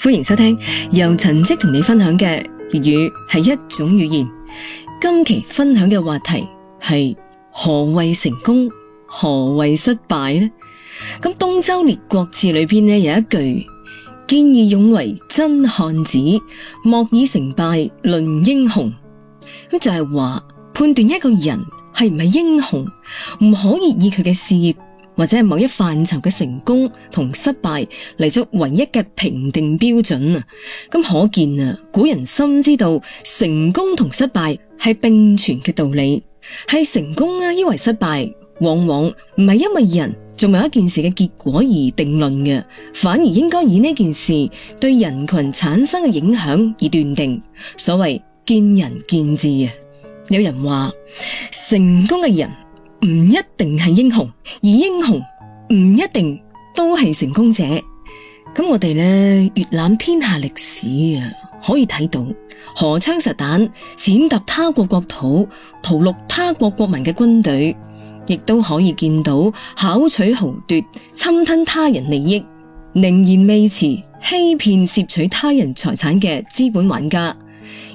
歡迎收聽由陳積同你分享嘅粵語係一種語言。今期分享嘅話題係何謂成功，何謂失敗呢？咁《東周列國志》裏邊呢有一句：見義勇為真漢子，莫以成敗論英雄。咁就係話判斷一個人係唔係英雄，唔可以以佢嘅事業。或者係某一範疇嘅成功同失敗嚟作唯一嘅評定標準啊！咁可見啊，古人深知道成功同失敗係並存嘅道理，係成功啊，因為失敗，往往唔係因為人仲未有一件事嘅結果而定論嘅，反而應該以呢件事對人群產生嘅影響而斷定。所謂見仁見智啊！有人話成功嘅人。唔一定係英雄，而英雄唔一定都係成功者。咁我哋呢，閱覽天下歷史啊，可以睇到荷槍實彈踐踏他國國土、屠戮他國國民嘅軍隊，亦都可以見到巧取豪奪、侵吞他人利益、寧願昧詞欺騙、攝取他人財產嘅資本玩家。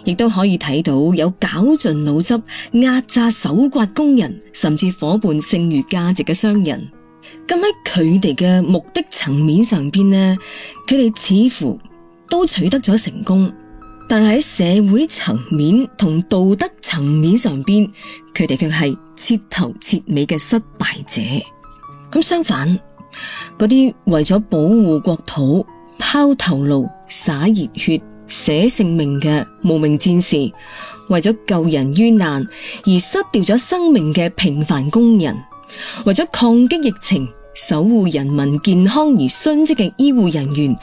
亦都可以睇到有絞盡腦汁、壓榨、手掘工人，甚至夥伴剩餘價值嘅商人。咁喺佢哋嘅目的層面上邊咧，佢哋似乎都取得咗成功，但係喺社會層面同道德層面上邊，佢哋卻係徹頭徹尾嘅失敗者。咁相反，嗰啲為咗保護國土、拋頭顱、灑熱血，捨性命嘅無名戰士，為咗救人於難而失掉咗生命嘅平凡工人，為咗抗擊疫情、守護人民健康而殉職嘅醫護人員，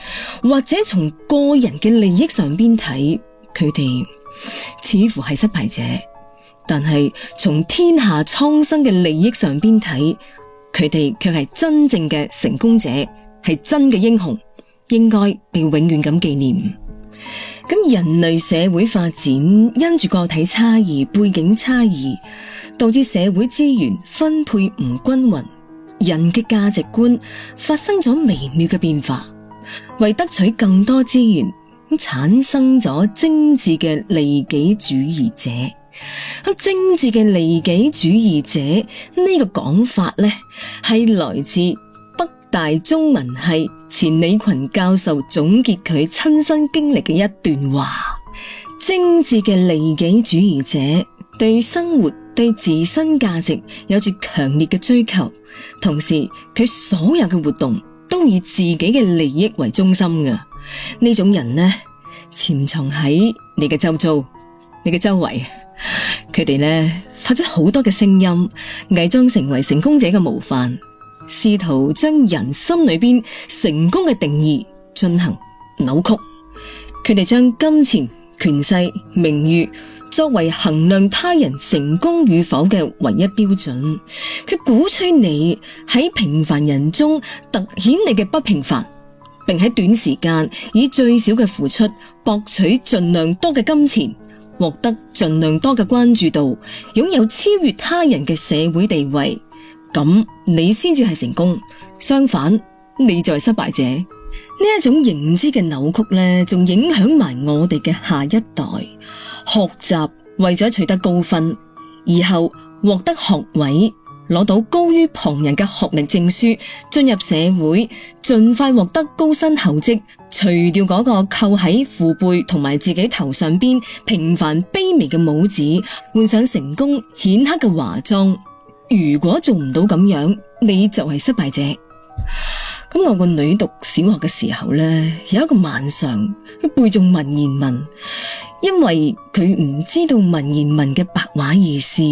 或者從個人嘅利益上邊睇，佢哋似乎係失敗者；但係從天下蒼生嘅利益上邊睇，佢哋卻係真正嘅成功者，係真嘅英雄，應該被永遠咁紀念。咁人類社會發展，因住個體差異、背景差異，導致社會資源分配唔均勻，人嘅價值觀發生咗微妙嘅變化，為得取更多資源，咁產生咗精緻嘅利己主義者。咁精緻嘅利己主義者呢個講法呢，係來自大中文系錢理群教授總結佢親身經歷嘅一段話：精致嘅利己主義者對生活、對自身價值有住強烈嘅追求，同時佢所有嘅活動都以自己嘅利益為中心嘅。呢種人呢，潛藏喺你嘅周遭、你嘅周圍，佢哋呢發出好多嘅聲音，偽裝成為成功者嘅模範。試圖將人心裏邊成功嘅定義進行扭曲，佢哋將金錢、權勢、名譽作為衡量他人成功與否嘅唯一標準。佢鼓吹你喺平凡人中突顯你嘅不平凡，並喺短時間以最少嘅付出博取盡量多嘅金錢，獲得盡量多嘅關注度，擁有超越他人嘅社會地位。咁你先至係成功，相反你就係失敗者。呢一種認知嘅扭曲咧，仲影響埋我哋嘅下一代。學習為咗取得高分，而後獲得學位，攞到高於旁人嘅學歷證書，進入社會，盡快獲得高薪厚職，除掉嗰個扣喺父輩同埋自己頭上邊平凡卑微嘅帽子，換上成功顯赫嘅華裝。如果做唔到咁樣，你就係失敗者。咁我個女讀小學嘅時候咧，有一個晚上佢背誦文言文，因為佢唔知道文言文嘅白話意思，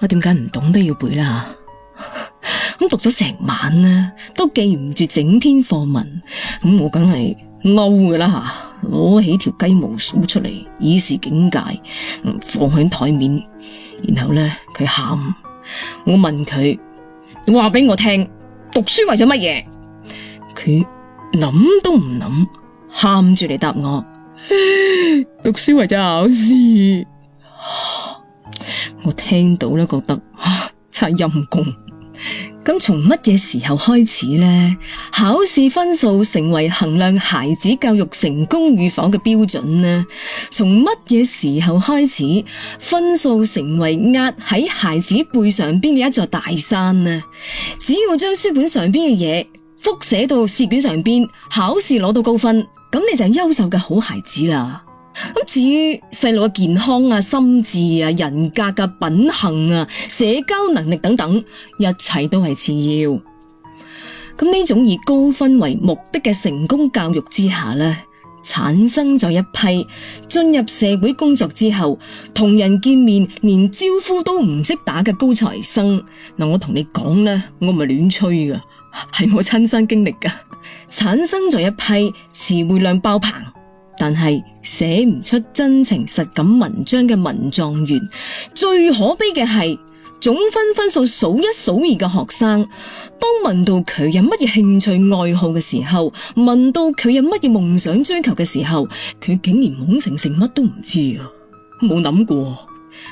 我點解唔懂都要背啦？咁 讀咗成晚咧，都記唔住整篇課文，咁我梗係嬲噶啦，攞起條雞毛掃出嚟，以示警戒，放喺台面，然後咧佢喊。我問佢，你話俾我聽，讀書為咗乜嘢？佢諗都唔諗，喊住嚟答我，讀書為咗 考試。 我聽到都覺得，啊，真係陰公。咁從乜嘢時候開始呢？考試分數成為衡量孩子教育成功與否嘅標準呢？從乜嘢時候開始，分數成為壓喺孩子背上邊嘅一座大山呢？只要將書本上邊嘅嘢複寫到試卷上邊，考試攞到高分，咁你就優秀嘅好孩子啦。咁至於細路嘅健康啊、心智啊、人格嘅、啊、品行啊、社交能力等等，一切都係次要。咁呢種以高分為目的嘅成功教育之下咧，產生咗一批進入社會工作之後同人見面連招呼都唔識打嘅高材生。嗱，我同你講咧，我唔係亂吹噶，係我親身經歷噶，產生咗一批詞彙量爆棚。但係寫唔出真情實感文章嘅文狀元，最可悲嘅係總分分數數一數二嘅學生，當問到佢有乜嘢興趣愛好嘅時候，問到佢有乜嘢夢想追求嘅時候，佢竟然懵盛盛乜都唔知啊，冇諗過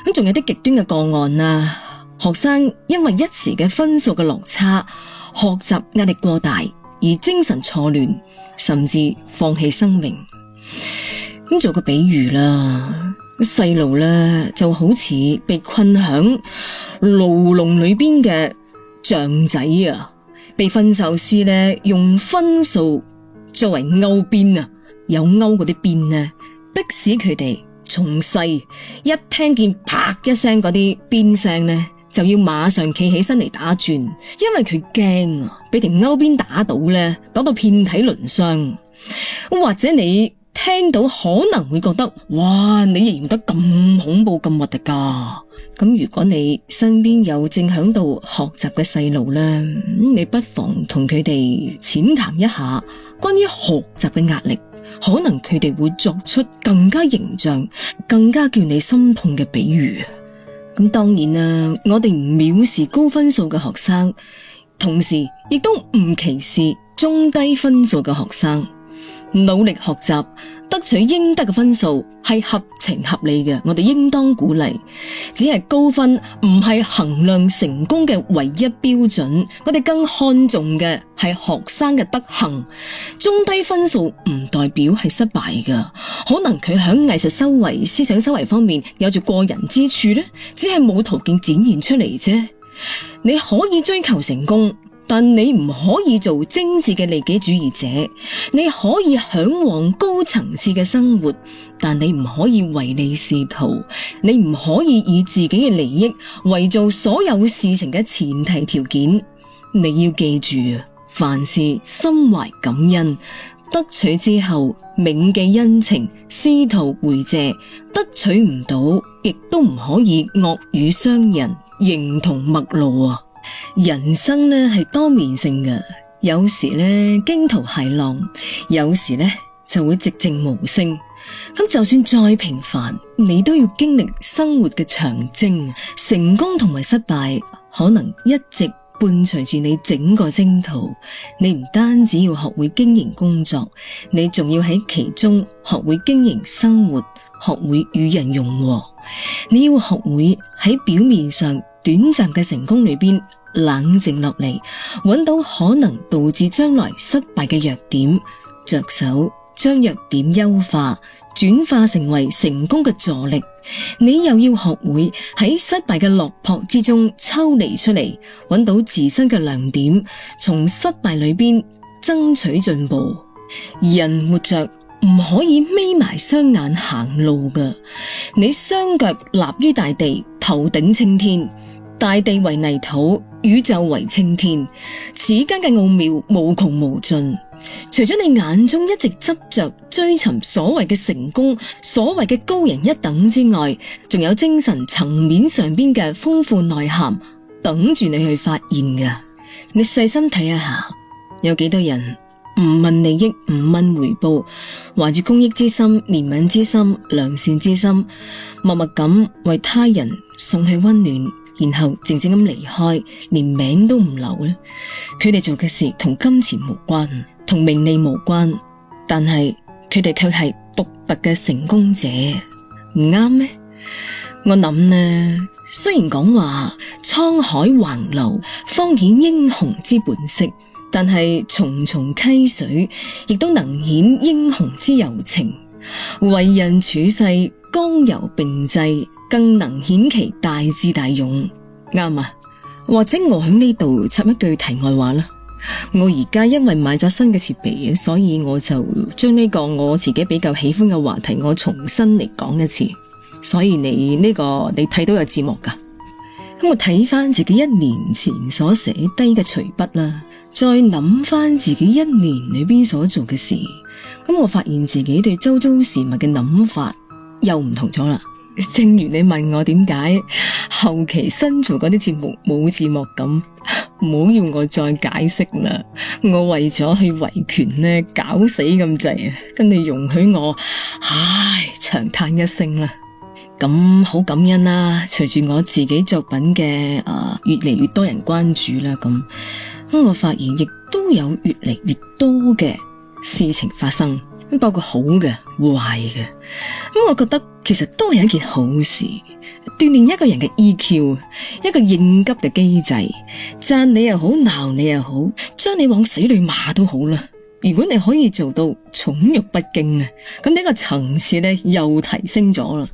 咁，仲有啲極端嘅個案啊：學生因為一時嘅分數嘅落差，學習壓力過大而精神錯亂，甚至放棄生命。咁做個比喻啦，細路咧就好似被困響牢籠裏邊嘅象仔啊，被馴獸師呢用分數作為勾邊啊，有勾嗰啲邊呢，迫使佢哋從細一聽見啪一聲嗰啲鞭聲呢，就要馬上企起身嚟打轉，因為佢驚啊，俾條勾邊打到呢，打到遍體鱗傷，或者你。聽到可能會覺得，哇，你形容得咁恐怖，咁核突㗎。咁如果你身邊有正響度學習嘅細路咧，你不妨同佢哋淺談一下關於學習嘅壓力，可能佢哋會作出更加形象、更加叫你心痛嘅比喻。咁當然啦，我哋唔藐視高分數嘅學生，同時亦都唔歧視中低分數嘅學生。努力學習，得取應得嘅分數係合情合理嘅，我哋應當鼓勵。只係高分唔係衡量成功嘅唯一標準，我哋更看重嘅係學生嘅德行。中低分數唔代表係失敗噶，可能佢響藝術修為、思想修為方面有住過人之處咧，只係冇途徑展現出嚟啫。你可以追求成功。但你唔可以做精致嘅利己主義者，你可以嚮往高層次嘅生活，但你唔可以唯利是圖，你唔可以以自己嘅利益為做所有事情嘅前提條件。你要記住啊，凡事心懷感恩，得取之後銘記恩情，試圖回謝；得取唔到，亦都唔可以惡語傷人，形同陌路啊！人生呢係多面性嘅，有時呢驚濤駭浪，有時呢就會寂靜無聲。咁就算再平凡，你都要經歷生活嘅長征。成功同埋失敗可能一直伴隨住你整個征途。你唔單止要學會經營工作，你仲要喺其中學會經營生活，學會與人融和。你要學會喺表面上短暫嘅成功裏邊。冷靜落嚟，搵到可能導致將來失敗嘅弱點，着手將弱點優化，轉化成為成功嘅助力。你又要學會喺失敗嘅落魄之中抽離出嚟，搵到自身嘅亮點，從失敗裏邊爭取進步。人活着唔可以眯埋雙眼行路㗎，你雙腳立於大地，頭頂青天，大地為泥土。宇宙為青天，此間嘅奧妙無窮無盡。除咗你眼中一直執着追尋所謂嘅成功、所謂嘅高人一等之外，仲有精神層面上邊嘅豐富內涵等住你去發現㗎。你細心睇一下，有幾多人唔問利益、唔問回報，懷住公益之心、憐憫之心、良善之心，默默咁為他人送去溫暖。然後靜靜咁離開，連名都唔留咧。佢哋做嘅事同金錢無關，同名利無關，但係佢哋卻係獨特嘅成功者，唔啱咩？我諗呢，雖然講話滄海橫流，方顯英雄之本色，但係重重溪水亦都能顯英雄之柔情，為人處世，剛柔並濟。更能顯其大智大勇，啱啊！或者我喺呢度插一句題外話啦。我而家因為買咗新嘅設備，所以我就將呢個我自己比較喜歡嘅話題，我重新嚟講一次。所以你呢、呢個你睇到有字幕噶。咁我睇翻自己一年前所寫低嘅隨筆啦，再諗翻自己一年裏邊所做嘅事，咁我發現自己對周遭事物嘅諗法又唔同咗啦。正如你問我點解後期新做嗰啲節目冇字幕咁，唔好要我再解釋啦。我為咗去維權呢，搞死咁滯啊！咁你容許我唉長嘆一聲啦。咁好感恩啦、啊，隨住我自己作品嘅、啊、越嚟越多人關注啦，咁我發現亦都有越嚟越多嘅。事情發生，包括好嘅、壞嘅，我覺得其實都係一件好事，鍛煉一個人嘅 EQ，一個應急嘅機制。讚你又好，鬧你又好，將你往死裏罵都好啦。如果你可以做到寵辱不驚啊，咁呢個層次又提升咗。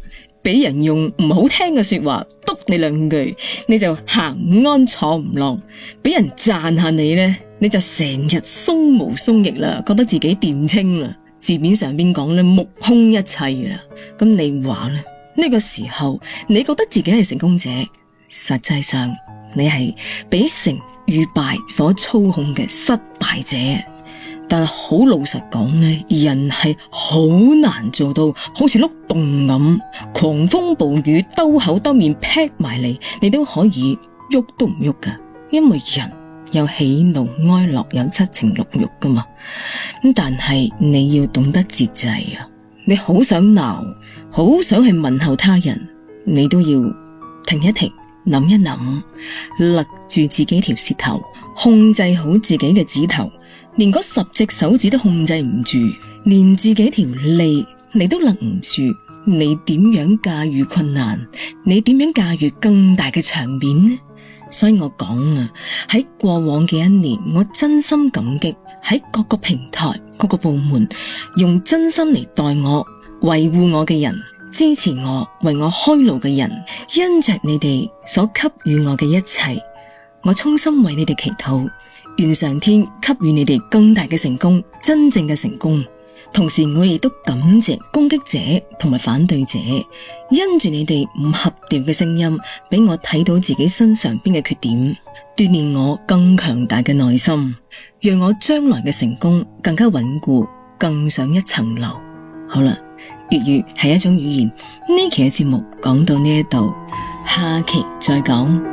俾人用唔好聽嘅說話督你兩句，你就行唔安坐唔落；俾人讚下你咧，你就成日鬆毛鬆翼啦，覺得自己掂清啦。字面上邊講咧目空一切啦。咁你話呢，呢、這個時候，你覺得自己係成功者，實際上你係俾成與敗所操控嘅失敗者。但好老實講呢，人係好難做到，好似碌洞咁，狂風暴雨兜口兜面劈埋你，你都可以喐都唔喐噶。因為人有喜怒哀樂，有七情六欲噶嘛。但係你要懂得節制啊！你好想鬧，好想去問候他人，你都要停一停，諗一諗，勒住自己條舌頭，控制好自己嘅指頭。連嗰十隻手指都控制唔住，連自己條脷你都勒唔住，你點樣駕馭困難？你點樣駕馭更大嘅場面呢？所以我講啊，喺過往嘅一年，我真心感激喺各個平台、各個部門用真心嚟待我、維護我嘅人、支持我、為我開路嘅人。因着你哋所給予我嘅一切，我衷心為你哋祈禱。願上天給予你哋更大嘅成功，真正嘅成功。同時我亦都感謝攻擊者同埋反對者，因住你哋唔合調嘅聲音，俾我睇到自己身上邊嘅缺點，鍛煉我更強大嘅內心，讓我將來嘅成功更加穩固，更上一層樓。好啦，粵語係一種語言，呢期嘅節目講到呢一度，下期再講。